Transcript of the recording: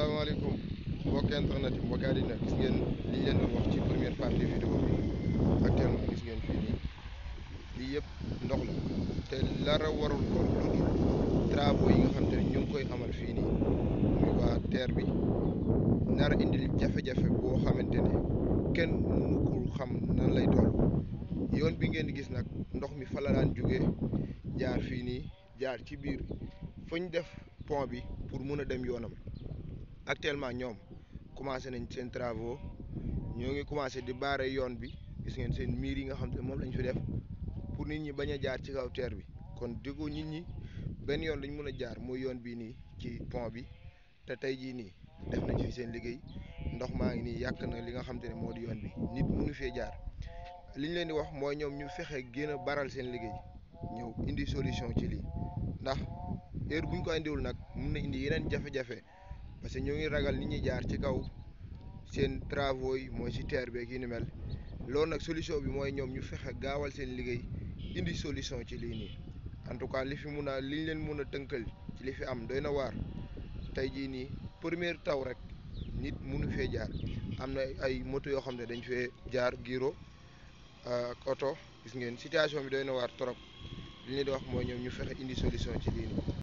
salaamaaleykum mbokk internet yi mbokk gis ngeen li ñu leen doon wax ci première partie vidéo bi actuellement gis ngeen fii nii lii yëpp ndox la te lara warul ko lu dul yi nga xam ne ñu ngi koy amal fii nii muy waa terre bi nar a indil jafe-jafe boo xamante ne kenn mënu ko xam nan lay toll yoon bi ngeen gis nag ndox mi fa la daan jóge jaar fii nii jaar ci biir fu def pont bi pour mën a dem yoonam actuellement ñoom commencé nañ seen travaux ñoo ngi commencé di baare yoon bi gis ngeen seen miir yi nga xam te moom lañ fi def pour nit ñi bañ a jaar ci kaw teer bi kon di nit ñi benn yoon lañ mën a jaar mooy yoon bii nii ci pont bi te tey jii nii seen liggéey ndox maa ngi nii yàq na li nga xam ne moo di yoon bi nit mënu fee jaar li leen di wax mooy ñoom ñu fexe gën a baral seen liggéey ñëw indi solution ci lii ndax heure bu ñu ko indiwul nag mun na indi yeneen jafe-jafe parce que ñoo ngi ragal ni ñi jaar ci kaw seen travaux yi mooy si terre beeg loolu nag solution bi mooy ñoom ñu fexe gaawal seen liggéey indi solution ci lii nii en tout cas li fi mun a liñ leen mun a tënkal ci li fi am doy na waar tey jii nii première taw rek nit munu fee jaar am na ay moto yoo xam ne dañ fee jaar giro ak oto gis ngeen situation bi doy na waar trop li ñu di wax mooy ñoom ñu fexe indi solution ci lii